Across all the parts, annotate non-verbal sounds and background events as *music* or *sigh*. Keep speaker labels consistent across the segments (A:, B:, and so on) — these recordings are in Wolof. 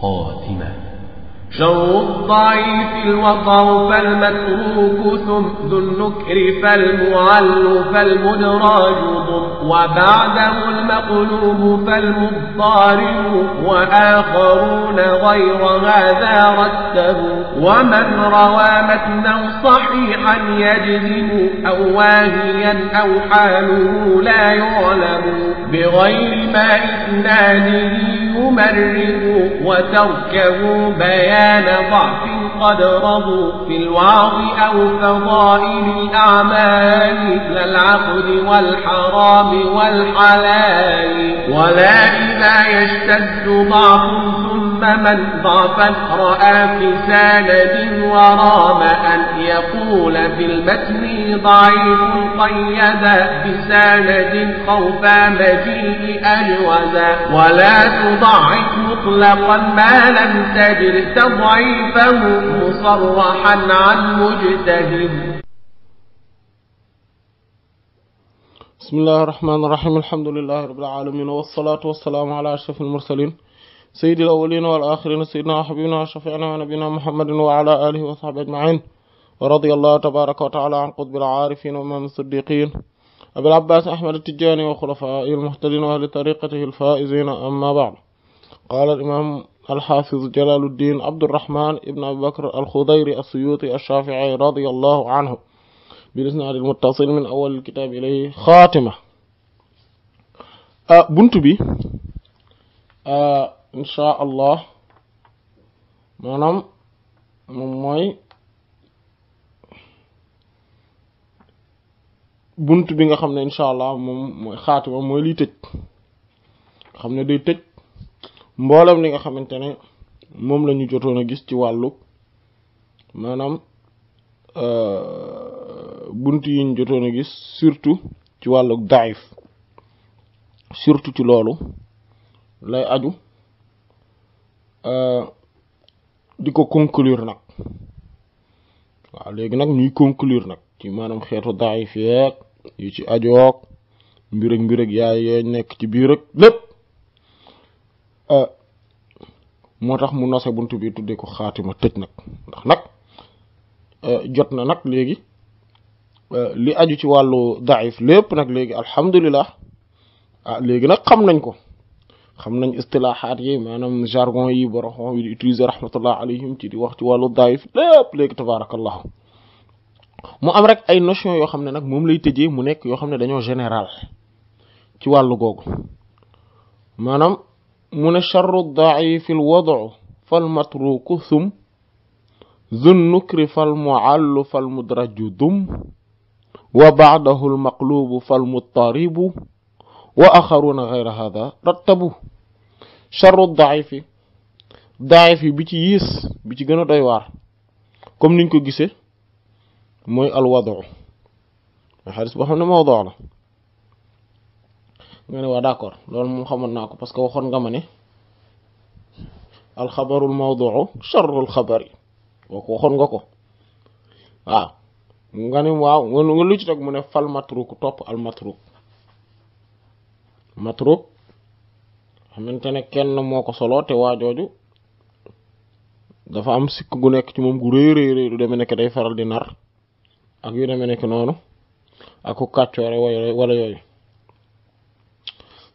A: خاتمة شر الضعيف الوطر فالمتروك ثم ذو النكر فالمعل فالمدراج ضم وبعده المقلوب فالمضطارب وآخرون غير هذا رتبوا ومن روى متنا صحيحا يجزم أو واهيا أو حاله لا يعلم بغير ما إثنانه يمرق وتركه بيان ضعف قد رضوا في الوعظ أو فضائل الأعمال للعقد والحرام والحلال ولا إذا يشتد ضعف ثم من ضعفا رأى في سند ورام أن يقول في المتن ضعيف قيد طيب بسند خوفا مجيء أجوزا ولا تضعف مطلقا ما لم تدر تضعيفه مصرحا عن مجتهد
B: بسم الله الرحمن الرحيم الحمد لله رب العالمين والصلاة والسلام على أشرف المرسلين سيد الأولين والآخرين سيدنا وحبيبنا وشفيعنا ونبينا محمد وعلى آله وصحبه أجمعين ورضي الله تبارك وتعالى عن قطب العارفين وإمام الصديقين أبي العباس أحمد التجاني وخلفائه المهتدين وأهل طريقته الفائزين أما بعد قال الإمام الحافظ جلال الدين عبد الرحمن ابن أبي بكر الخضيري السيوطي الشافعي رضي الله عنه bil isnaadil muttasil min awal kitaab ilay xaatima bunt bi insha allah maanaam moom mooy bunt bi nga xam ne incha allah moom xaatima mooy liy tëj xam ne day tëj mboolem li nga xamante ne moom la ñu jotoon a gis ci wàllu maanaam euh, bunt yiñ jotoon a gis surtout ci wàllu daif surtout ci loolu lay aju euh, di ko conclure nag waaw léegi nag ñuy conclure nag ci maanaam xeetu daif yeeg yu ci ajoog mbir ak mbir ak yaay yooy nekk ci biir ak lépp euh, moo tax mu nose bunt bi tuddee ko xaatima tëj nag ndax nag euh, jot na nag léegi li aju ci walu daif lépp nak legi alhamdullilah ah léegi nag xam nañ ko xam nañ istilahat yi manam jargon yi borom xam yi di utiliser rahmatullah alayhim ci di wax ci walu daif lépp legi tabarakallah mu am rek ay notion yo xamne nak mom lay tëjee mu nek yo xamne ne général ci walu googu manam mun sharru daif al l wadu fal matruku thum ذو النكر fal muallu fal وبعده المقلوب فالمضطرب واخرون غير هذا رتبوه شر الضعيف ضعيف بيتي يس بيتي غنا داي وار كوم نينكو غيسه موي الوضع حارس بوخنا موضوعنا ngane wa d'accord lolou mom xamone nako parce que waxone nga mané al khabaru al mawdu'u sharru al khabari wa ko nga ne waaw nga lu ci mu ne fal matruk topp al matruk matruk xamante ne kenn moo ko solo te waa jooju dafa am sikk gu nekk ci moom gu rëy rëy rëy du demee nekk day faral di nar ak yu demee nekk noonu ak ku kàccoore wala yooyu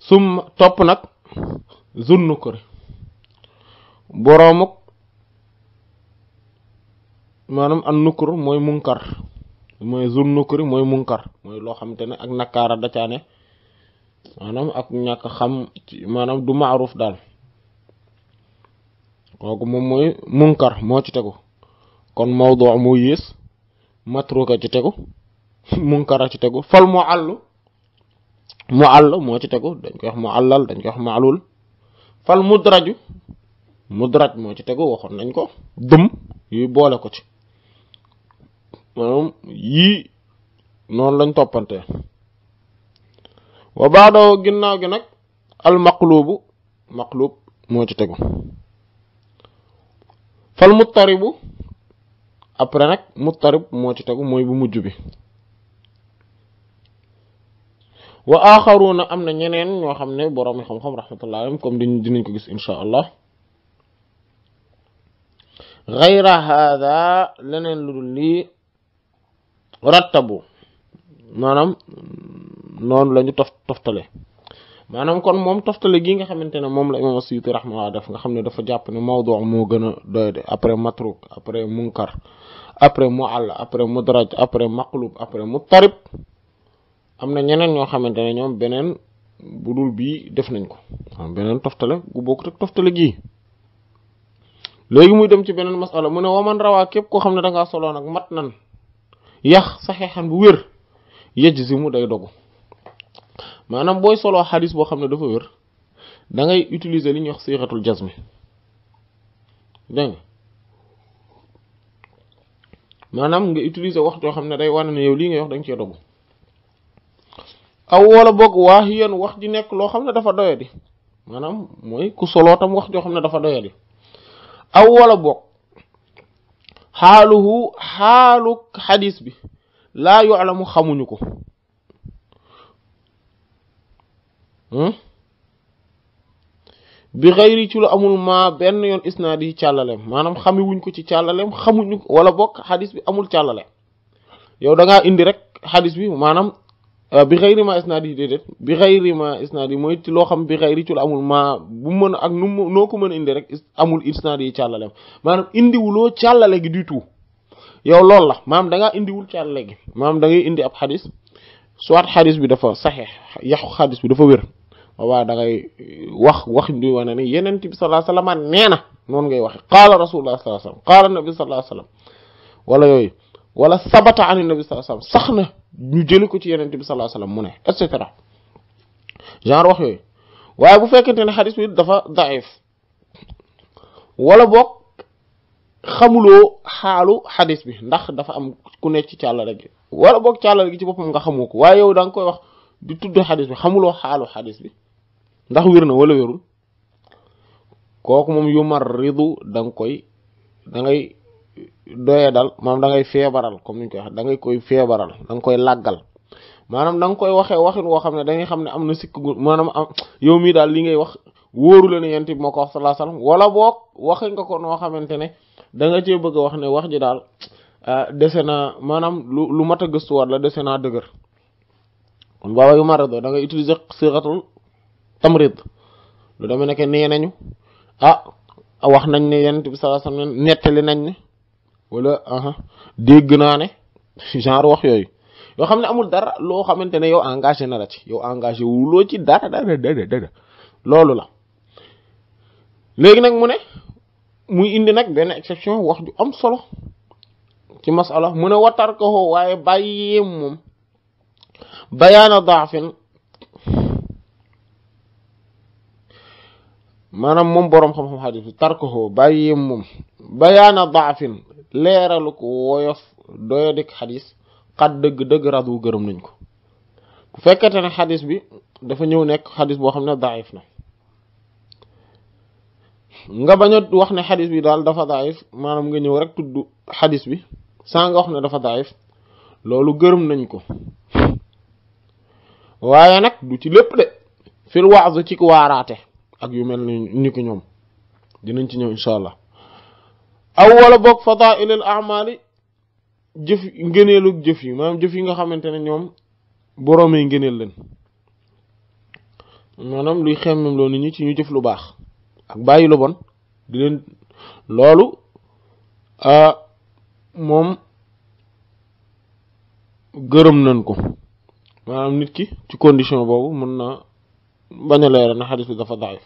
B: sum topp nag zunnu ko boroomuk maanaam an nukkur mooy munkar mooy zul nukri mooy munkar mooy loo xamante ne ak nakkaara da caa maanaam ak ñàkk xam maanaam du maaruf daal kooku moom mooy munkar moo ci tegu kon mawdu mu yées matruka ci tegu *laughs* munkara ci tegu fal mu àll mu àll moo ci tegu dañ koy wax mu àllal dañ koy wax maalul fal mu mudraj moo ci tegu waxoon nañ ko dëm yuy boole ko ci maanaam yii noonu lañ toppante wa baadoo ginnaaw gi nag al maqlubu maqlub moo ci tegu fal muttaribu après nag muttarib moo ci tegu mooy bu mujj bi wa axaruna am na ñeneen ñoo xam ne boroomi xam-xam rahmatullah alayhim comme di dinañ ko gis insha allah gayra hada leneen lu dul lii rattabu manam non lañu ñu tof toftale manam kon mom toftale gi nga xamantene mom la imam Suyuti rahmalahu def nga xamne dafa japp ne mawdu mo gën a doyde après matruk après munkar après mu'all après mudraj après maqlub après muttarib am ñeneen ño xamantene ñom benen budul bi def nañ ko am beneen toftale gu bokk tak toftale gi léegi muy dem ci benen masala mu ne waman rawa kep ko xamne da nga solo nak mat nan yax saxeexan bu wér mu day dogu maanaam booy soloo xadis boo xam ne dafa wér da ngay utiliser li ñuy wax siratul jazmi dégg nga maanaam nga utiliser wax joo xam ne day wane na yow lii ngay wax da cee dogu aw wala boog waa yéen wax ji nekk loo xam ne dafa doyadi maanaam mooy ku soloo tam wax joo xam ne dafa doyadi aw wala boog xaaluhu xaalu xadis bi laa yu'lamu xamuñu ko hmm? bi xayri ci lu amul maa benn yoon isnaad yi càllaleem maanaam xamiwuñ ko ci càllaleem xamuñu wala bokk xadis bi amul càllale yow da indi rek xadis bi maanaam Euh, bi xayri ma isnaad yi de bi xayri ma isnaad mooy ci loo xam bi xayri ci lu amul ma bu mën ak nu noo ko mën a indi rek amul isnaad yi càllaleem maanaam indiwuloo càllale gi du tout yow loolu la maanaam da ngaa indiwul càllale gi maanaam da ngay indi ab xadis soit xadis bi dafa saxe yaxu xadis bi dafa wér waaw da ngay eh, wax wax di wane ne yenent bi sallallahu alayhi wasallam na noonu ngay waxe qaala rasulullah sallallahu alayhi wasallam qaala nabi sallallahu alayhi wasallam wala yooyu wala sabata an nabi sallallahu alayhi sax na ñu jëli ko ci yenente bi sallallahu alayhi mu ne et cetera genre wax yooyu waaye bu fekkente ne xadis bi dafa daif wala boog xamuloo xaalu xadis bi ndax dafa am ku nekk ci càllale gi wala boog càllale gi ci boppam nga xamoo ko waaye yow da koy wax di tudd xadis bi xamuloo xaalu xadis bi ndax wér na walla wérul kooku moom yu mar ridu da nga koy doye dal maanaam da ngay feebaral comme niñ koy wax da ngay koy koi da nga koy làggal maanaam da nga koy waxee waxin woo xam da ngay am na sikk gu maanaam am yow mii daal li ngay wax wóoru la ne yent bi wax sallallahu alayhi wasallam wala boog waxe nga ko noo xamante ne da nga cee bëgg wax ne wax ji daal ah, dese naa maanaam lu la desena naa kon yu marado da ngay utiliser siratul tamrid lu dama nekk nee ah wax nañ ne yent bi sallallahu alayhi wasallam nañ ne wala aha dégg naa ne genre wax yooyu yoo xam ne amul dara loo xamante ne yow engagé na la ci engage wu loo ci dara dara dara dara loolu la léegi nag mu ne muy indi nag benn exception wax ju am solo ci masala mu ne watar ko waaye bàyyee moom bayaana daafin maanaam moom boroom xam-xam xadis bi tarko bàyyee moom bayaana daafin leeralu ko woyof doyadik xadis xat dëgg dëgg radu gërëm nañ ko bu fekkente ne xadis bi dafa ñëw nekk xadis boo xam ne daif na nga bañ a wax ne xadis bi daal dafa daif maanaam nga ñëw rek tudd xadis bi saa nga wax ne dafa daif loolu gërëm nañ ko waaye nag du ci lépp de fil waazu ci waaraate ak yu mel ni ki ñoom dinañ ci ñëw incha allah aw wala boog fadailul amali jëf ngëneelu jëf yi maanaam jëf yi nga xamante ne ñoom boroomee ngëneel leen maanaam luy xemmem loo nit ñi ci ñu jëf lu baax ak bàyyi lu bon di leen loolu moom gërëm nañ ko maanaam nit ki ci condition boobu mun na bañ a leeral na xadis bi dafa daif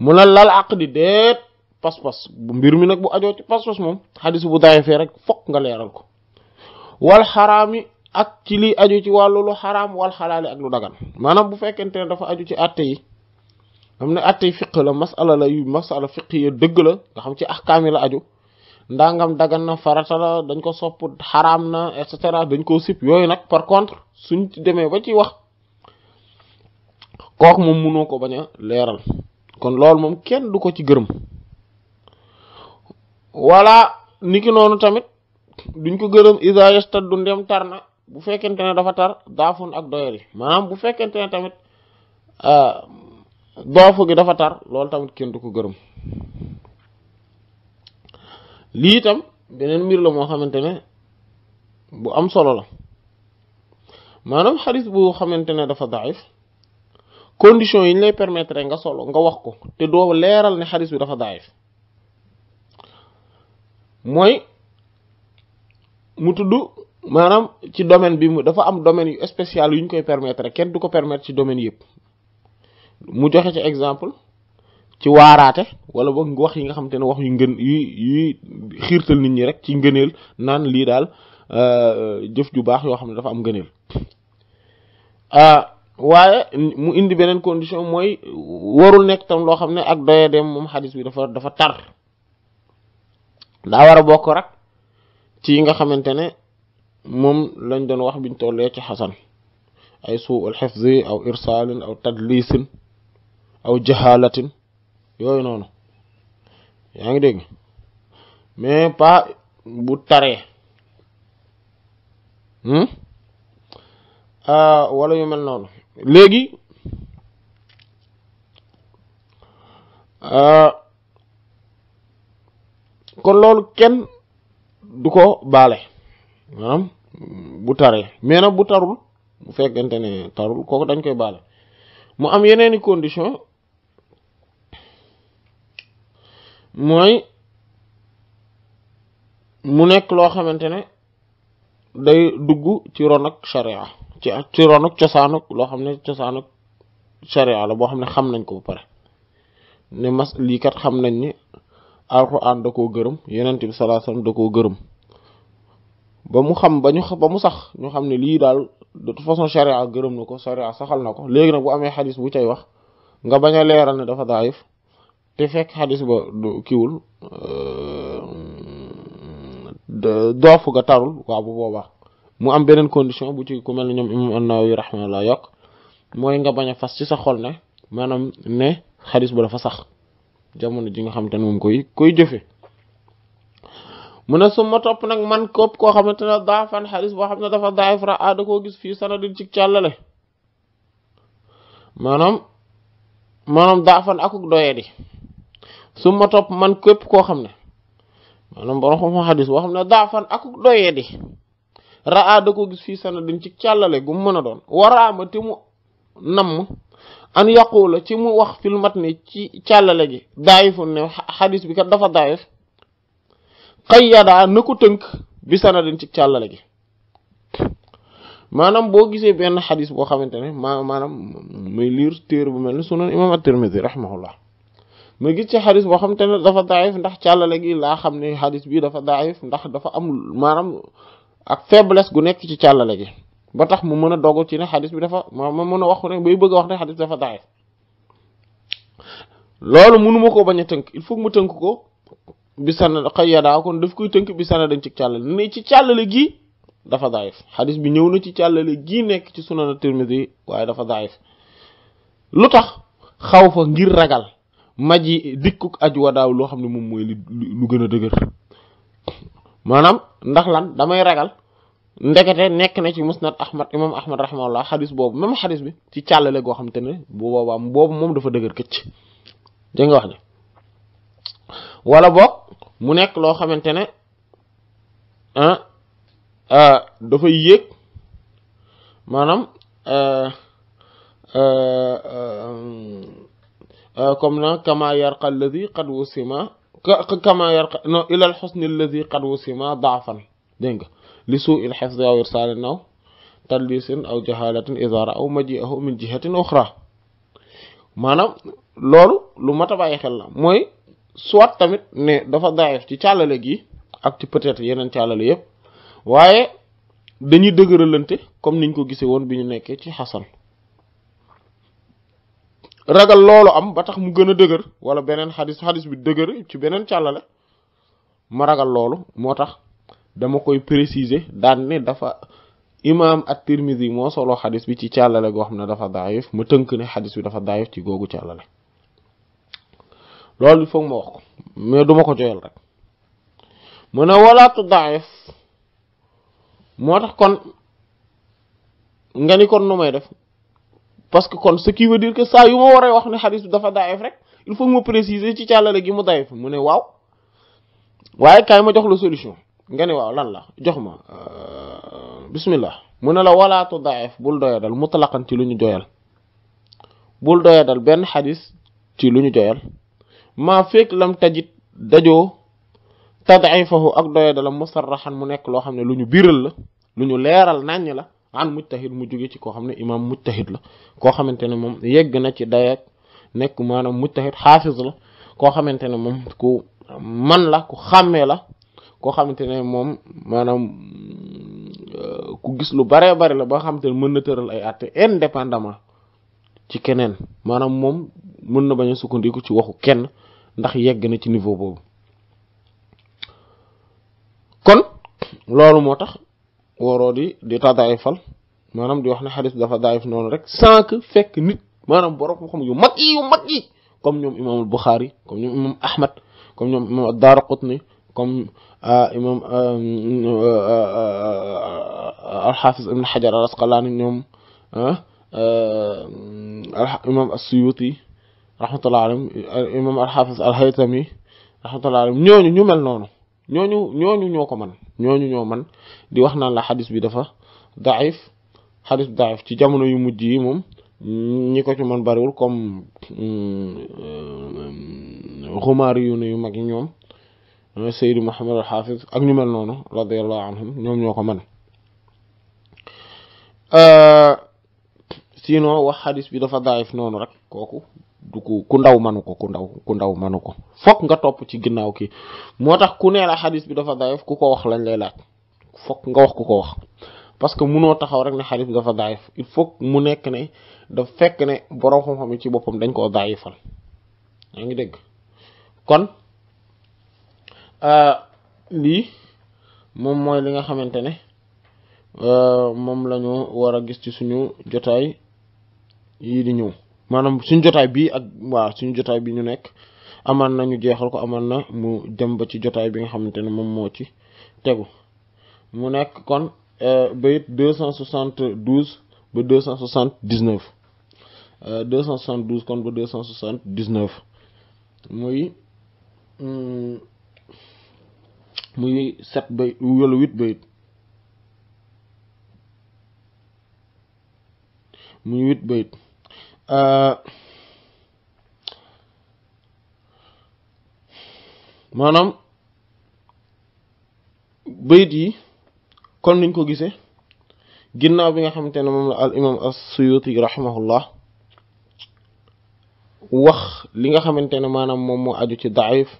B: mu ne lal àq di deet pas-pas bu mbir mi nak bu ajo ci pas-pas mom hadith bu dayefee rek fokk nga leral ko wal harami ak ci li aju ci walu lu haram wal halal ak lu dagan manam bu fekente dafa aju ci atte yi xam ne atte la masala la yu masala fiq ya dëgg la nga xam ci ahkam la aju ndangam dagan na farata la dañ ko sopp haram na et cetera dañ ko sip yoy nak par contre suñ ci deme ba ci wax kok mom munoo ko bañ leral kon lool mom kenn du ko ci gërëm wala niki noonu tamit duñ ko gërëm isa yastaddu ndem tar na bu fekkente ne dafa tar daafun ak doyari maanaam bu fekkente ne tamit euh, doofu gi dafa tar loolu tamit kenn du ko gërëm lii itam beneen mbir la moo xamante ne bu am solo la maanaam xadis bu xamante ne dafa daif condition yi ñu lay permettre nga solo nga wax ko te doo leeral ne xadis bi dafa daif mooy mu tudd maanaam ci domaine bi mu dafa am domaine yu spécial yu ñu koy permettre kenn du ko permetre ci domaine yëpp mu joxe ci exemple ci waaraate wala boog wax yi nga xamante ne wax yu ngën yu yu xiirtal nit ñi rek ci ngëneel naan lii daal euh, jëf ju baax yoo xam ne dafa am ngëneel euh, waaye mu indi beneen condition mooy warul nekk tam loo xam ne ak doye moom xadis bi dafa dafa tar daa war a bokk rek ci nga xamante ne moom lañ doon wax biñ tollee ci xasan ay suul xifzi aw irsalin aw tadlisin aw jahalatin yooyu noonu yaa ngi dégg mais pas bu taree hmm? ah, wala yu mel noonu léegi ah, kon loolu kenn du ko baale maanaam bu taree mais nag bu tarul bu fekkente ne tarul kooku dañ koy baale mu am yeneeni condition mooy mu nekk loo xamante ne day dugg ci ron ak sharia ci ci ron ak cosaanuk loo xam ne cosaanuk sharia la boo xam ne xam nañ ko ba pare ne mas lii kat xam nañ ni alxuraan da koo gërëm yonent bi sallallahu alayhi wasallam da koo gërëm ba mu xam ba ñu mu sax ñu xam ne lii daal de toute façon charia gërëm na ko charia saxal na ko léegi nag bu amee xadis bu cay wax nga bañ a leeral ne dafa daayif te fekk xadis ba du kiwul euh, doofu ga tarul waaw bu boobaa mu am beneen condition bu ci ku mel ne ñoom imam an-Nawawi rahmanallah yokk mooy nga bañ a fas ci sa xol ne maanaam ne xadis ba dafa sax jamono ji nga xamante ne moom koy koy jëfe mu ne su ma topp nag man képp koo xamante ne daafan xadis boo xam ne dafa daif ra a ah, da koo gis fii sanadin ci càllale maanaam maanaam daafan akuk doye di su ma man képp koo xam ne maanaam borom xam xadis boo xam ne daafan akuk ra a ah, da ko gis fii sanadin ci càllale gu mu mën a doon waraama te mu an yaqula ci mu wax fil matni ci càllale gi daayifun ne xadis bi kat dafa daayif xayyadaa na ko tënk bi sanadin ci càllale gi maanaam boo gisee benn xadis boo xamante ne ma maanaam muy liir téere bu mel ni sunan imam at-Tirmidhi rahimahullah ma gis ci xadis boo xamante ne dafa daayif ndax càllale gi laa xam ne xadis bi dafa daayif ndax dafa am maanaam ak faiblesse gu nekk ci càllale gi ba tax mu mën a dogu ci ne xadis bi dafa ma mën a wax ne bay bëgg a wax ne xadis dafa daif loolu mënuma ko bañ a tënk il faut ma tënk ko bi sanad xayyadaa kon daf koy tënk bi sanad dañ ci càllale ne ci càllale gii dafa daif xadis bi ñëw na ci càllale gii nekk ci na sunan Tirmidhi waaye dafa daif lu tax xaw fa ngir ragal yi dikku aj wadaaw loo xam ne moom mooy li lu gën a dëgër maanaam ndax lan damay ragal ndekete nekk na ci musnad ahmad imam ahmad rahimahullah xadis boobu même xadis bi ci càllale goo xam te ne bu boobaa boobu moom dafa dëgër këcc dégg nga wax wala boog mu nekk loo xamante ne ah, ah, dafay yéeg maanaam ah, comme na kama yarqa alladi qad wusima kama yarqa non ila al xusni alladi qad wusima daafan dégg li suu il xifdi aw irsaalin aw tadlisin aw jahalatin izara aw maji'ahu min jihatin uxra maanaam loolu lu mat a bàyyi xel la mooy soit tamit ne dafa daif ci càllale gi ak ci peut-être yeneen càllale yëpp waaye dañuy dëgëralante comme niñ ko gisee woon bi ñu nekkee ci xasan ragal loolu am ba tax mu gën a dëgër wala beneen xadis xadis bi dëgër ci beneen càllale ma ragal loolu moo tax dama koy préciser daan ne dafa imaam at-Tirmidhi moo soloo xadis bi ci càllale goo xam ne dafa daayif ma tënk ne xadis bi dafa daayif ci googu càllale loolu il foog ma wax ko mais duma ko joyal rek mu ne walaatu daayif moo tax kon nga ni kon nu may def parce que kon ce qui veut dire saa yu ma waree wax ne xadis bi dafa daayif rek il faut ma préciser ci càllale gi mu daayif mu ne waaw waaye kaay ma jox la solution nga ne waaw lan la jox ma euh, bismillah mu ne la walaa tudaif bul doyadal mutlaqan ci lu ñu doyal bul doyadal benn xadis ci lu ñu doyal maa fekk lam tajit dajoo tadaifahu ak doyadalam musarraxan mu nekk loo xam ne lu ñu biral la lu ñu leeral naññ la an mujtahid mu jóge ci koo xam ne imaam mujtahid la koo xamante ne moom yegg na ci dayeeg nekk maanaam mujtahid xaafis la koo xamante ne moom ku man la ku xàmmee la koo xamante ne moom maanaam euh, ku gis lu baree bari la ba xamante ne mën na tëral ay àtte indépendamment ci keneen maanaam moom mën na bañ a sukkandiku ci waxu kenn ndax yegg na ci niveau boobu kon loolu moo tax waroo di di tadaayifal maanaam di wax ne xadis dafa daayif noonu rek sans fekk nit maanaam borom xam-xam yu mag yi yu mag yi comme ñoom imaamul Buxaari comme ñoom imaam Ahmad comme ñoom imaam Daaraqutni قام امام الحافظ ابن حجر الاسقلاني انهم الامام السيوطي رحمه الله عليهم الامام الحافظ الهيثمي رحمه الله عليهم ñooñu ñu mel noonu ñooñu ñooñu ñoo ko man ñooñu ñoo man di wax naan la xadis bi dafa daif xadis daif ci jamono yu mujj yi moom ñi ko ci man bariwul comme xumaari yu ne yu mag yi ñoom mooy Seydi Mouhamed al Hafiz ak ñu mel noonu radiallahu anhum ñoom ñoo ko mën euh, sinon wax xadis bi dafa daayif noonu rek kooku du ku ndaw manu ko ku ndaw ku ndaw manu ko fokk nga topp ci ginnaaw kii moo tax ku nee la xadis bi dafa daayif ku ko wax lañ lay laaj fokk nga wax ku ko wax parce que munoo taxaw rek ne xadis bi dafa daayif il faut mu nekk ne daf fekk ne borom xam-xam yi ci boppam dañ koo daayifal yaa ngi dégg kon Euh, lii moom mooy li nga xamante ne euh, moom la war a gis ci suñu jotaay yii di ñëw maanaam suñu jotaay bii ak waaw suñu jotaay bi ñu nekk amaan na ñu jeexal ko amaan na mu dem ba ci jotaay bi nga xamante ne moom moo ci tegu mu nekk kon euh, ba bayit deux cent soixante douze ba deux cent soixante dix neuf deux cent soixante douze kon ba deux cent soixante dix neuf muy hmm, muy sept bayt wala huit bayt muy huit bayt euh, maanaam bayt yi kon niñ ko gisee ginnaaw bi nga xamante ne moom la al imam as-Suyuti rahimahullah wax li nga xamante ne maanaam moom moo aju ci daif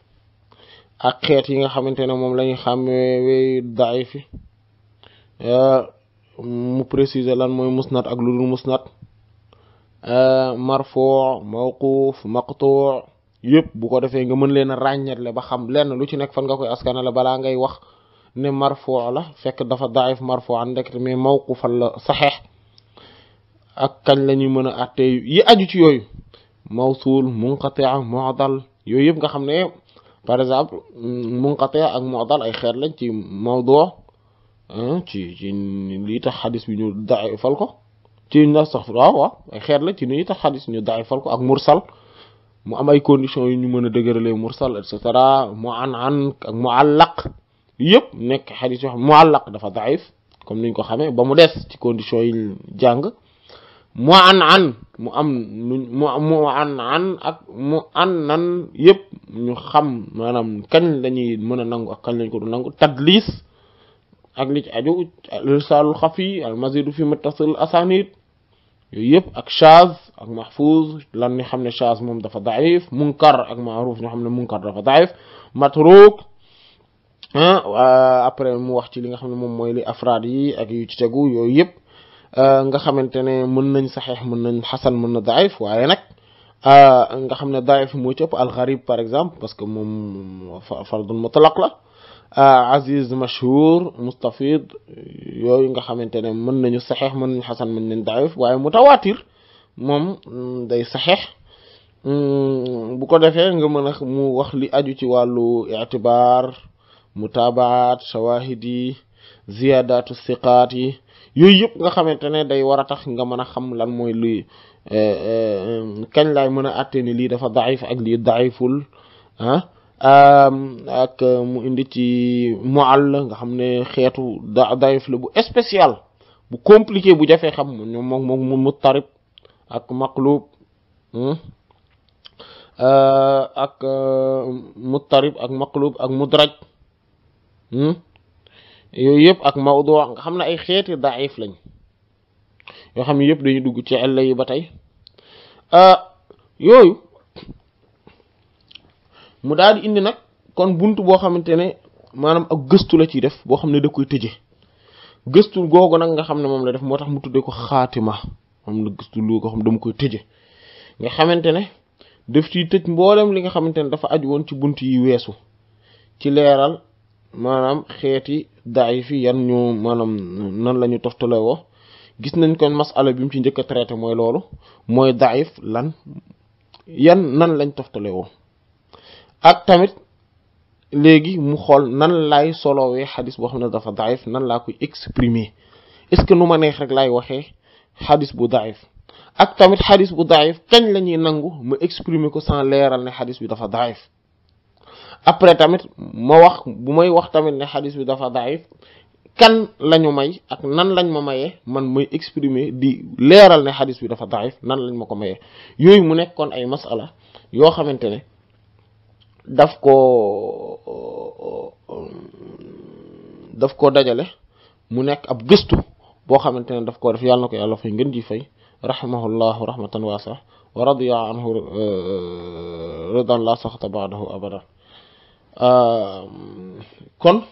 B: ak xeet yi nga xamantene mom lañu xamé way daif euh mu préciser lan moy musnad ak lulul musnad euh ya, marfu' mawquf maqtu' yëpp bu ko defé nga mën leena ragnat le ba xam lenn lu ci nek fan nga koy la bala ngay wax ne marfu' la fekk dafa daif marfu' an ndekte mais mawquufal la sahih ak kan lañu mëna atté yi aju ci yoyu mawsul munqati' mu'dal yoyep nga xam فار اكزامبل منقطع اك معضل اي خير لنج تي موضوع ها تي تي لي تا حديث بي نيو ضعيفال كو تي نستغفر الله اي خير لنج تي نيو تا حديث نيو ضعيفال كو اك مرسل مو ام اي كونديسيون ني مانا دغرل مرسل اتسترا مو عن ان اك معلق ييب نيك حديث معلق دا فا ضعيف كوم نين كو خامي بامو ديس تي كونديسيون جانغ mu an an mu am mu mu an an ak mu an nan yëpp ñu xam maanaam kañ lañuy mën a nangu ak kañ lañ ko du nangu tadlis ak li ci aju irsalul xafi al mazidu fi muttasil asanid yooyu yëpp ak chaz ak mahfuz lan ni xam ne chaz moom dafa mu munkar ak maaruf ñu xam ne munkar dafa daif matruk ah, après mu wax ci li nga xam ne moom mooy li afraad yi ak yu ci tegu yooyu yëpp nga xamantene mën nañ sahih mën nañ hasan mën na daif waye nak nga xamne daif mo ci al gharib par exemple parce que moom fardun mutlaq la aziz mashhur mustafid yooyu nga xamantene mën nañu sahih mën nañ hasan mën nañ daif waye mutawatir mom day sahih bu ko defé nga mëna mu wax li aju ci walu i'tibar mutaba'at shawahidi yi ziyadatu siqaat yooyu yëpp nga xamante ne day war a tax nga mën a xam lan mooy lii eh, eh, kañ laay mën a àtte ni lii dafa daif ak lii daiful ah, ak mu indi ci muàll nga xam ne xeetu daif la bu spécial bu compliqué bu jafee xam ñoom moom moom mu muttarib ak maqlub hmm, eh, ak muttarib ak maqlub ak mudraj hmm. yooyu yëpp ak mawdu nga xam ne ay xeeti daif lañ yoo xam ne yëpp dañuy dugg ci àll yi ba tey ah, yooyu mu daal di indi nag kon bunt boo xamante ne maanaam ak gëstu la ciy def boo xam ne da koy tëje gëstu googu nag nga xam ne moom la def moo tax mu tuddee ko xaatima moom la gëstu lu ko xam dama koy tëje nga xamante ne def ciy tëj mboolem li nga xamante ne dafa aju woon ci bunt yi weesu ci leeral maanaam xeeti daif yi yan ñu maanaam nan la ñu toftale woo gis nañ kon masala bi mu ci njëkk a traité mooy loolu mooy daif lan yan nan lañ toftale woo ak tamit léegi mu xool nan laay solowee xadis boo xam ne dafa daif nan laa koy exprimer est-ce que nu ma neex rek laay waxee xadis bu daif ak tamit xadis bu daif kañ la ñuy nangu ma exprimer ko sans leeral ne xadis bi dafa daif après tamit ma wax bu may wax tamit ne xadis bi dafa daif kan lañu may ak nan lañ ma mayee man muy exprimer di leeral ne xadis bi dafa daif nan lañ ma ko mayee yooyu mu nekkoon ay masala yoo xamante ne daf ko daf ko dajale mu nekk ab gëstu boo xamante ne daf ko def yàlla na ko yàlla fay ngeen ji fay rahimahullahu rahmatan waasa wa radiya anhu eh, eh, ridan la saxta baadahu abada Euh, kon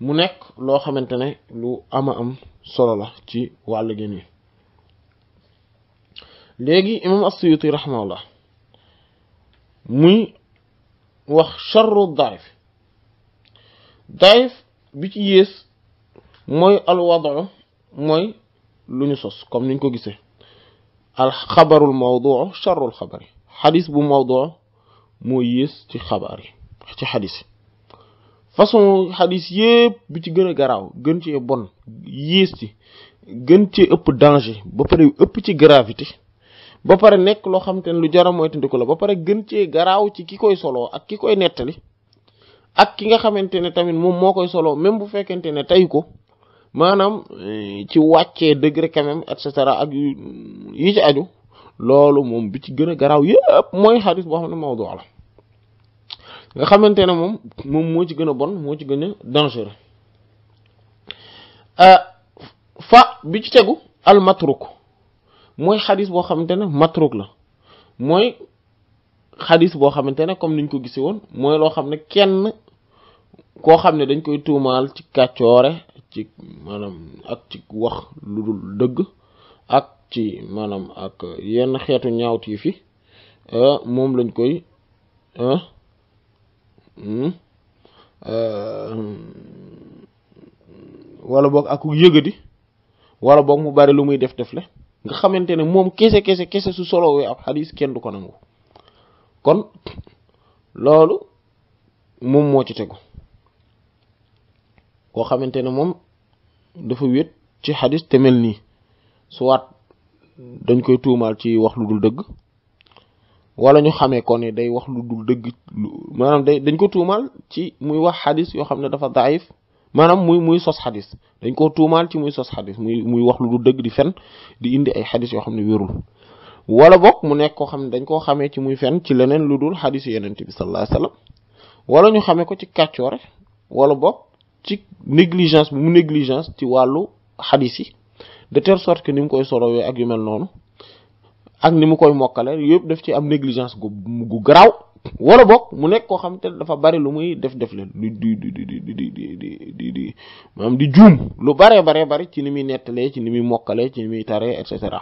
B: mu nekk loo xamante ne lu ama am solo la ci wàllu gén yi léegi imam as-Suyuti rahimahullah muy wax charru daif daif bi ci yées mooy alwadu mooy lu ñu sos comme niñ ko gisee al xabarul mawduu charrul xabari xadis bu mawduu moo yées ci xabaar yi ci xadis façon xadis yëpp bi ci gën a garaaw gën cee bon yées ci gën ci ëpp danger ba pare ëpp ci gravité ba pare nekk loo xam te ne lu jara moytandiku la ba pare gën cee garaaw ci ki koy soloo ak ki koy nettali ak ki nga xamante ne tamit moom moo koy soloo même bu fekkente ne tey ko maanaam eh, ci wàccee degré quand même cetera ak yi ci aju loolu moom bi ci gën a garaaw yëpp mooy xadis boo xam ne mawdu la nga xamante ne moom moom moo ci gën a bon moo ci gën a dangereux euh, fa bi ci tegu al matruk mooy xadis boo xamante ne matruk la mooy xadis boo xamante ne comme niñ ko gisee woon mooy loo xam ne kenn koo xam ne dañ koy tuumaal ci kàccoore ci maanaam ak ci wax lu dul dëgg ak ci maanaam ak yenn xeetu ñaawti fi euh, moom lañ koy euh, Hmm? Euh, wala boog ak yëgadi wala boog mu bari lu muy def def la nga xamante ne moom kese kese kese su solowee ab xadis kenn du ko nangu kon loolu moom moo ci tegu koo xamante ne moom dafa wéet ci xadis te mel nii soit dañ koy tuumaal ci wax lu dul dëgg wala ñu xamee ko ne day wax lu dul dëgg maanaam day dañ ko tuumaal ci muy wax xadis yoo xam ne dafa daif maanaam muy muy sos xadis dañ ko tuumaal ci muy sos xadis muy muy wax lu dul dëgg di fen di indi ay xadis yoo xam ne wérul wala boog mu nekk koo xam ne dañ koo xamee ci muy fen ci leneen lu dul xadis yu yenente bi sallallahu alayhi wala ñu xamee ko ci kàccoore wala boog ci négligence mu négligence ci wàllu xadis yi de telle sorte que ni mu koy solowee ak yu mel noonu ak ni mu koy mokkale yëpp def ci am négligence gu gu garaaw wala bokk mu nekk koo xam te dafa bari lu muy def def leen di di di di di di di di di juum lu baree baree bari ci ni muy nettalee ci ni muy mokkale ci ni muy taree et cetera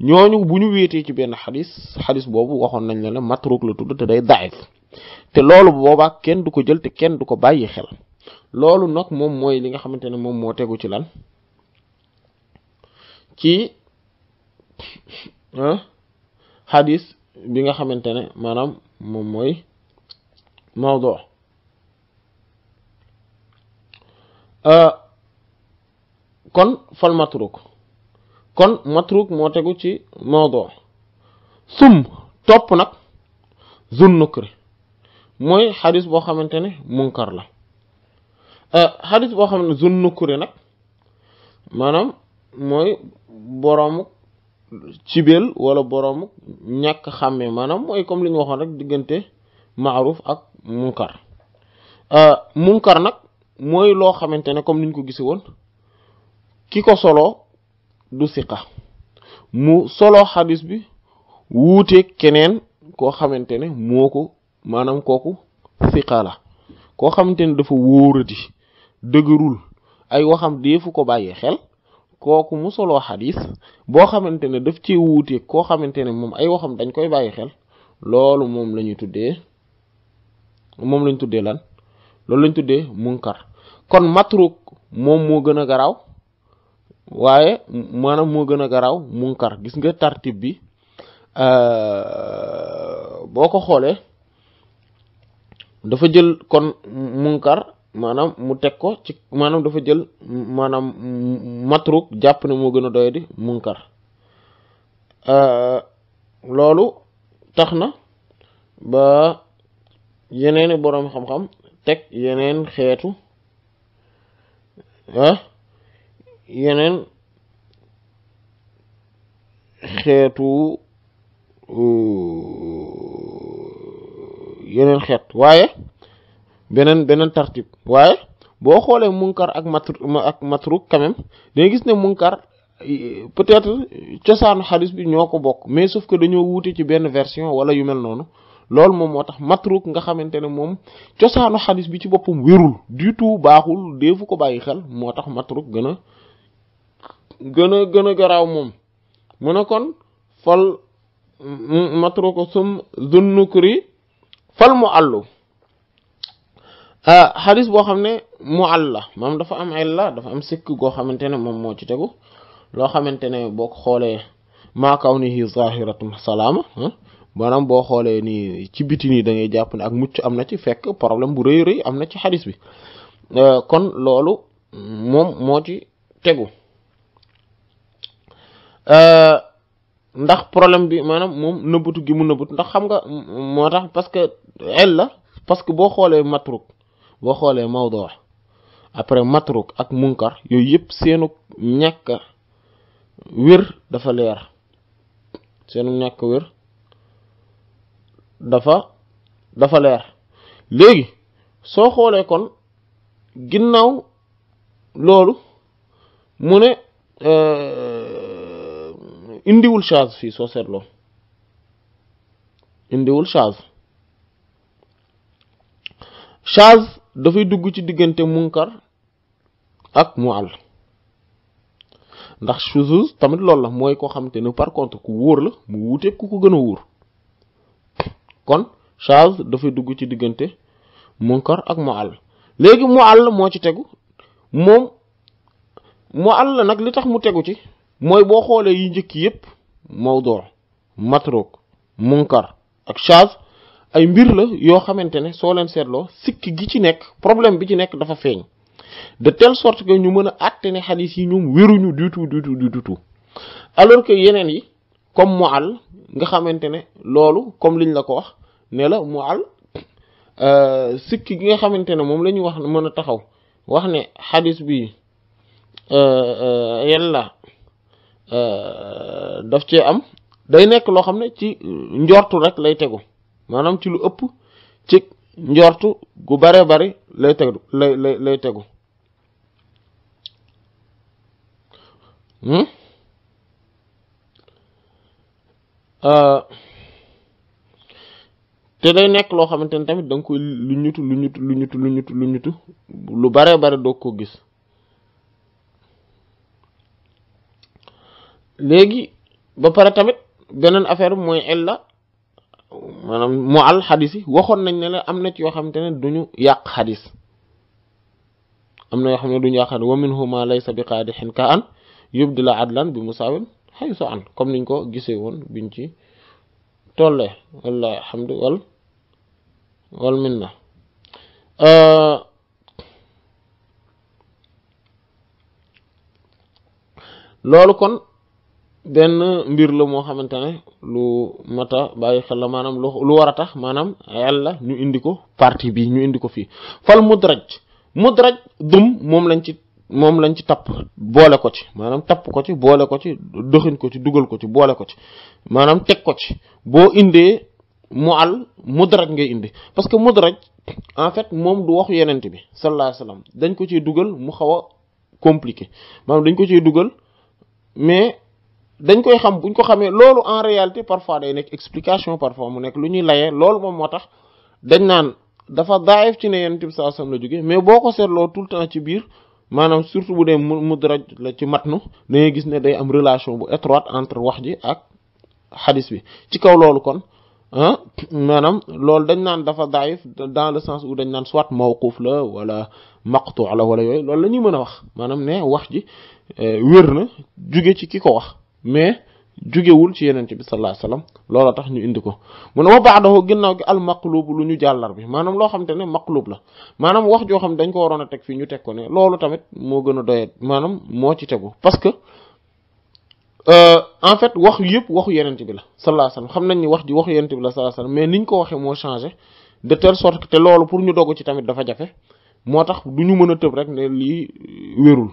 B: ñooñu bu ñu wéetee ci benn xadis xadis boobu waxoon nañ la ne matruk la tudd te day daif te loolu boobaa kenn du ko jël te kenn du ko bàyyi xel loolu nag moom mooy li nga xamante ne moom moo tegu ci lan ci xadis bi nga xamante ne maanaam moom mooy mawdu euh, kon fal matruk kon matruk moo tegu ci mawdu sum topp nag zun nukri mooy xadis boo xamante ne munkar la xadis euh, boo xam ne zun nukri nag maanaam mooy boroomu cibeel wala borom ñàkk xàmme maanaam mooy comme li ñu waxoon rek diggante maaruf ak munkar euh, munkar nag mooy loo xamante ne comme ni ñu ko gise woon ki ko soloo du siqa mu solo xalis bi wuute keneen koo xamante ne moo ko maanaam kooku siqa la koo xamante ne dafa wóoradi dëgërul ay waxam fu ko bàyyee xel kooku mu soloo xadis boo xamante ne daf ci wuute koo xamante ne moom ay waxam dañ koy bàyyi xel loolu moom la ñuy tuddee moom lañ tuddee lan loolu lañ tuddee munkar kon matruk moom moo gën a garaaw waaye maanaam moo gën a garaaw munkar gis nga tartib bi euh, boo ko xoolee dafa jël kon munkar maanaam mu teg ko ci maanaam dafa jël maanaam matruk jàpp ne moo gën a doy di munkar euh, loolu tax na ba yeneeni boroom xam-xam teg yeneen xeetu ah, yeneen xeetu euh, yeneen xeet waaye beneen beneen tartib waaye boo xoolee munkar ak matru ak matruk quand même gis ne munkar peut-être cosaanu xalis bi ñoo ko bokk mais sauf ko dañoo wuute ci benn version wala yu mel noonu loolu moom moo tax matruk nga xamante ne moom cosaanu xalis bi ci boppam wérul du tout baaxul deefu ko bàyyi xel moo tax matruk gën a gën a gën a garaaw moom mu ne kon fal matruku sum zunnukri fal mu àllu xadis euh, boo xam ne mu àll la moom dafa am àll la dafa am sikk goo xamante ne moom moo ci tegu loo xamante ne boo ko xoolee maaka kaw ni hi zahiratum salaama maanaam boo xoolee nii ci biti nii da jàpp ne ak mucc am na ci fekk problème bu rëy am na ci xadis bi euh, kon loolu moom moo ci tegu euh, ndax problème bi maanaam moom nëbbatu gi mu nëbbatu ndax xam nga moo tax parce que àll la parce que boo xoolee matruk boo xoolee mawdoo après matruk ak munkar yooyu yëpp seenu ñàkk wér dafa leer seenu ñàkk wér dafa leer léegi soo xoolee kon ginnaaw loolu mu ne euh, indiwul chaz fii soo seetloo indiwul chaz dafay dugg ci diggante munkar ak mual ndax shuzuz tamit loolu la mooy koo xamante ni par contre ku wóor la mu wuuteeg ku ko gën a wóor kon shaz dafay dugg ci diggante munkar ak mual léegi mual moo ci tegu moom mual nag li tax mu tegu ci mooy boo xoolee yi njëkk yépp mawdu' matrok munkar ak shaz ay mbir la yoo xamante ne soo leen seetloo sikk gi ci nekk problème bi ci nekk dafa feeñ de telle sorte que ñu mën a àtte ne xadis yi ñoom wéruñu du tout du tout du tout alors que yeneen yi comme mu àll nga xamante ne loolu comme liñ la ko wax ne la mu àll euh, sikk gi nga xamante ne moom la ñuy wax mën a taxaw wax ne xalis bi euh, euh, yàlla daf cee am day nekk loo xam ne ci njortu rek lay tegu maanaam ci lu ëpp ci njortu gu bare bari lay tegu lay lay lay tegu hmm? euh, te day nekk loo xamante ne tamit da nga koy lu ñutu lu ñutu lu ñutu lu ñutu lu ñutu lu bare bare doo ko gis léegi ba pare tamit beneen affaire mooy illa maanaam mu al xadis waxoon nañ ne la am na ci yoo xamante ne duñu yàq xadis am na yoo xam ne duñu yàq xadis wa minhuma laysa bi qaadixin ka an yubdila adlan bi musaawin xaysu an comme niñ ko gisee woon biñ ci tollee wallahi alhamdu wal wal minna loolu kon benn mbir la moo xamante ne lu mata bàyyi xel la maanaam lu lu war a tax maanaam yàlla ñu indi ko parti bi ñu indi ko fii fal mudraj mudraj dum moom lañ ci moom lañ ci tapp boole ko ci maanaam tapp ko ci boole ko ci doxin ko ci dugal ko ci boole ko ci maanaam teg ko ci boo indee mu al mudraj ngay indi parce que mudraj en fait moom du waxu yenent bi sallallahu alayhi dañ ko ci dugal mu xaw a compliqué maanaam dañ ko ciy dugal mais dañ koy xam buñ ko xamee loolu en réalité parfois day nekk explication parfois mu nekk lu ñuy layee loolu moom moo tax dañ naan dafa daayef ci ne yonent bi sallallahu alayhi la jógee mais boo ko seetloo tout le temps ci biir maanaam surtout bu dee mudraj la ci matnu da ngay gis ne day am relation bu étroite entre wax ji ak xadis bi ci kaw loolu kon ah maanaam loolu dañ naan dafa daayif dans le sens où dañ naan soit mawquf la wala maqtu' la wala yooyu loolu la ñuy mën a wax maanaam ne wax ji wér na jóge ci ki ko wax mais jugewul ci yenente bi sallallahu alayhi wasallam loola tax ñu indi ko mu ne wa ba'dahu ginnaaw gi al maqlub lu ñu jàllar bi maanaam loo xam te ne maqlub la maanaam wax joo xam dañ ko waroon a teg fii ñu teg ko ne moo gën a doyet maanaam moo ci tegu parce que euh, en fait wax yëpp waxu yenente bi la sallallahu alayhi xam nañ ni wax ji waxu yenente bi la sallallahu alayhi wasallam mais niñ ko waxee moo changé de telle sorte que te loolu pour ñu dogu ci tamit dafa jafe moo tax du ñu mën a tëb rek ne lii euh, wérul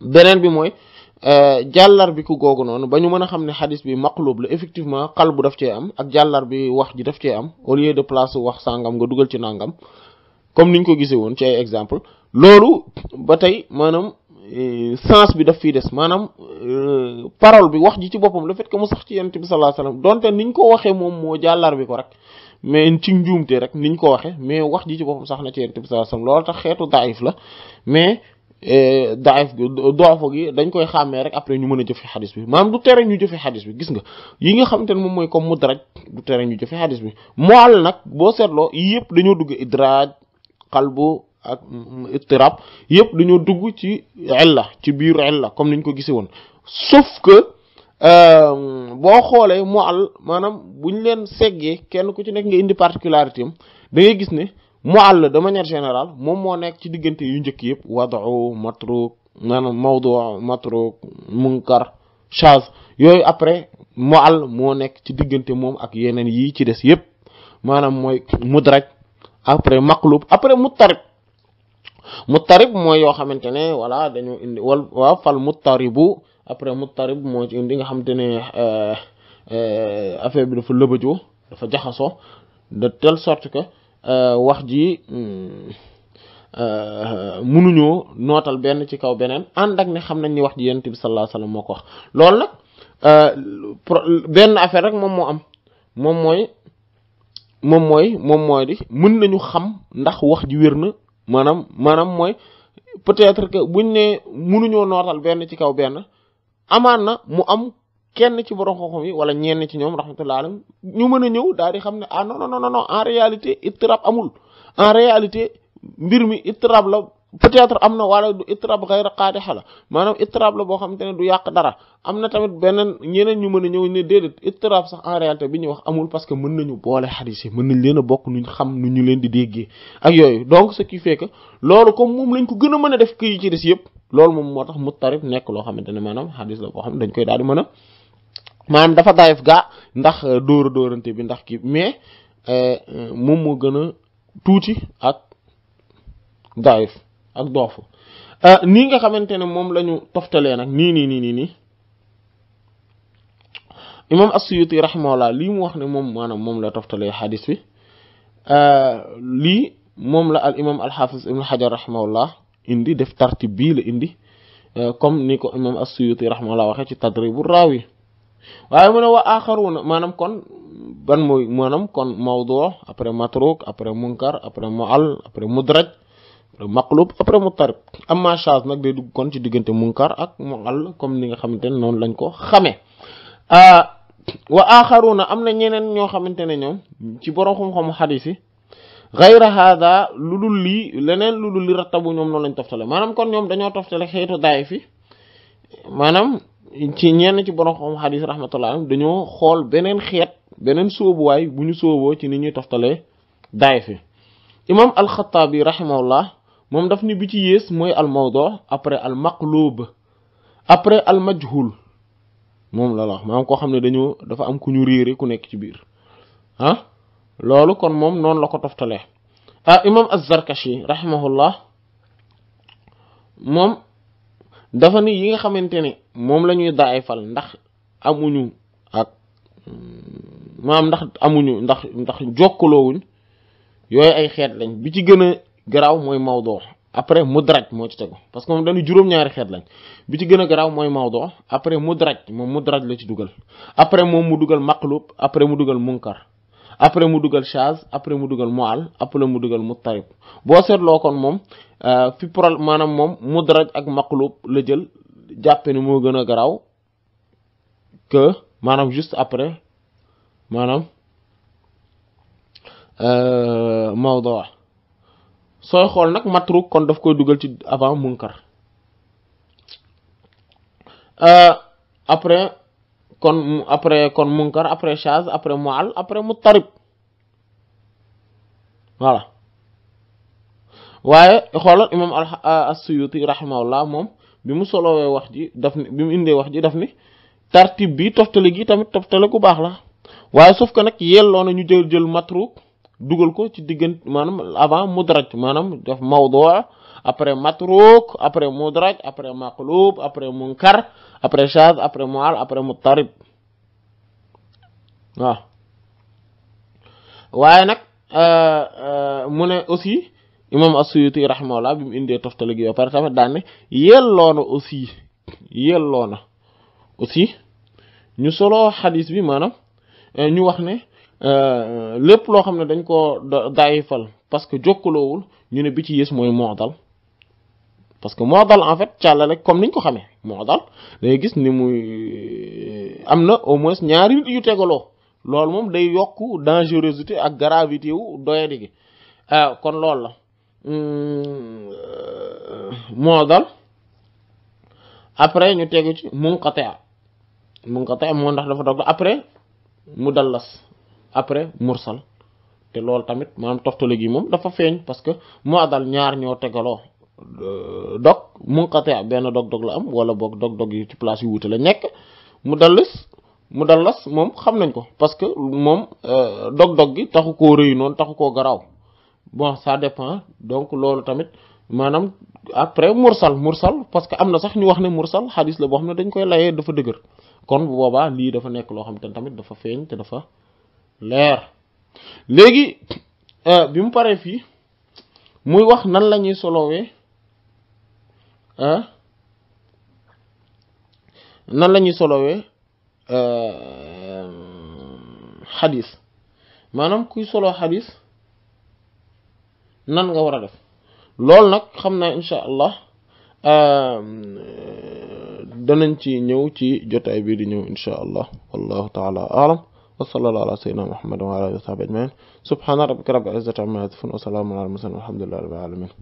B: beneen bi mooy Euh, jàllar bi ku googu noonu ba ñu mën a xam ne xadis bi maqlub la effectivement xal bu daf cee am ak jàllar bi wax ji daf cee am au lieu de place wax sàngam nga dugal ci nàngam comme niñ ko gisee woon ci ay exemple loolu ba tey maanaam euh, sens bi daf fiy des maanaam euh, parole bi wax ji ci boppam la fait que mu sax ci yent bi sallallahu alayhi wasallam donte niñ ko waxee moom moo jàllar bi ko rek mais ci njuumte rek niñ ko waxee mais wax ji ci boppam sax na ci yonent bi sallallahu alayhi wasallam loolu tax xeetu daif la mais ضعيف ضعفه جي دا نكوي خامي رك ابري ني مونا جوفي حديث بي مام دو تيرن ني جوفي حديث بي غيسغا ييغا خامتن موم موي كوم مدرج دو تيرن ني جوفي حديث بي موال نك بو سيرلو ييب دا نيو دوغ ادراج قلبو اك اضطراب ييب دا نيو دوغ تي علا تي بير علا كوم نينكو غيسي وون سوف كو bo xoolee mu al maanaam buñ leen seggee kenn ku ci nekk nga indi mu'all de manière général moom moo nekk ci diggante yu njëkk yëpp wad'u matruk maanaam mawdu' matruk munkar shaz yooyu après mu'all moo nekk ci diggante moom ak yeneen yi ci des yëpp maanaam mooy mudraj après maqlub après muttarib muttarib mooy yoo xamante ne wala dañoo indi wal waaw fal muttaribu après muttarib moo ci indi nga xamante ne euh, euh, affaire bi dafa lëbëjoo dafa jaxasoo de telle sorte que Euh, wax ji euh, munuñoo nootal benn ci kaw beneen ànd ak ne xam nañ ni wax ji yonent bi sallallahu alayhi moo ko wax loolu nag euh, benn affaire rek moom moo am moom mooy moom mooy moom mooy di mën nañu xam ndax wax ji wér na maanaam maanaam mooy peut-être que buñ ne munuñoo nootal benn ci kaw benn amaan na mu am kenn ci boro xam yi wala ñenn ci ñoom rahmatullah alam ñu mën a ñëw daal di xam ne ah non non no non en réalité ittirab amul en réalité mbir mi ittirab la peut am na wala du ittirab xayra qaadixa la maanaam ittirab la boo xamante ne du dara am na tamit beneen ñeneen ñu mën a ñëw ne déedéet ittirab sax en réalité bi ñu wax amul parce que mën nañu boole xadis yi mën nañ leen a bokk nuñ xam nu ñu leen di déggee ak yooyu donc ce qui fait que loolu comme moom lañ ko gën a mën a def kii ci des yëpp loolu moom moo tax mu tarif nekk loo xamante ne maanaam xadis la boo xam ne dañ koy daal di mën maanaam dafa dayef gaa ndax euh, dóora dóorante bi ndax kii mais euh, euh, moom moo gën a tuuti ak dayef ak doofu nii nga xamante ne moom la ñu toftalee nag nii nii nii nii nii imam as-Suyuti rahimahullah lii mu wax ne moom maanaam moom la toftalee xadis bi lii moom la al imam al-Hafiz ibn Hajar rahimahullah indi def tartib bii la indi comme ni ko imam as-Suyuti rahimahullah waxee ci raaw yi waaye mu ne wa axaruna maanaam kon ban mooy maanaam kon mawdu après matruk après munkar après mu'al après mudraj après maqlub après mutarib amma shaaz nag day dugg kon ci diggante munkar ak mu'al comme ni nga xamante ne noonu lañ ko xamee ah, wa axaruna am na ñeneen ñoo xamante ne ñoom ci borom xam-xamu xadis yi gayra hada lu dul lii leneen lu dul li rattabu ñoom noonu lañ toftale maanaam kon ñoom dañoo toftale xeetu daay fi maanaam ci ñenn ci borom xam hadith rahmatullah dañoo xol benen xet benen soobu way buñu soobo ci ni ñuy toftale daay imam al-khattabi rahimahullah mom daf ni bi ci yes moy al mawdu après al maqlub après al majhul mom la wax man ko xamne ne dañoo dafa am ku ñu réere ku nekk ci bir ah lolu kon mom non la ko toftale ah imam az-Zarkashi rahimahullah mom dafa ni yi nga xamante ne moom la ñuy fal ndax amuñu ak maam ndax amuñu ndax ndax jokkaloowuñ yooyu ay xeet lañ bi ci gën a garaaw mooy mawdoo après mudraj moo ci tegu parce que moom dañu juróom xeet lañ bi ci gën a garaaw mooy mawdoo après mudraj moom mudraj la ci dugal après moom mu dugal maqlub après mu dugal munkar après mu dugal chaz après mu dugal mual après mu dugal muttarib boo seetloo kon moom euh, fi pro maanaam moom mudraj ak maqlub la jël jàppe ni moo gën a garaaw maanaam juste après maanaam euh, mawdu sooy xool nag matru kon daf koy dugal ci avant munkar euh, après kon après kon munkar après shaz après mual après muttarib voilà waaye xoolal imam euh, as-Suyuti rahimahullah moom bi mu solowee wax ji daf ni bi mu indee wax ji daf ni tartib bi toftale gi tamit toftale ku baax la waaye suuf ko nag yelloo na ñu jël jël matruk dugal ko ci diggante maanaam avant mudraj maanaam daf mawduu après matruk après mudraj après maqlub après munkar après shaz après mual après muttarib waaw waaye nag euh, euh, mu ne aussi imam as-Suyuti rahimahullah bi mu indee toftale gi ba pare tamit daan ne yelloona aussi yelloona aussi ñu solo xadis bi maanaam euh, ñu wax ne lépp loo xam ne dañ koo daayifal parce que jokkaloowul ñu ne bi ci yées mooy moodal parce que modal en fait càllale comme niñ ko xamé modal day gis ni muy euh, amna au moins ñaari yu tégalo lool mom day yok dangerosité ak gravité wu doyadi gi ah, kon lool la hmm, euh, modal après ñu tegu ci munqata munqata mo ndax dafa dog après mudallas après mursal té lool tamit manam toftale gi moom dafa feñ parce que modal ñaar ñoo tegaloo dog munqati benn dog-dog la am wala bok dog-dog yi ci place yu wuute la nekk mu dallis mu dallas moom xam nañ ko parce que moom dog-dog euh, gi taxu koo rëy noonu taxu koo garaaw bon ça dépend donc loolu tamit maanaam après mursal mursal parce que am na sax ñu wax ne mursal xadis la boo xam ne dañ koy layee dafa dëgër kon bu boobaa lii dafa nekk loo xam te tamit dafa feeñ te dafa leer léegi euh, bi mu paree fii muy wax nan la ñuy solowee ah nan la ñuy solowee xadis maanaam kuy soloo xadis nan nga war a def loolu nag xam naa incha allah danañ ci ñëw ci jotaay bii di ñëw incha allah wallahu taala alam wa sallallahu ala sayyidina muhammad wa ala alihi wa sahbihi ajmain subhana rabbika rabbil izzati amma yasifun wa salamun ala al mursalin walhamdulillahi rabbil alamin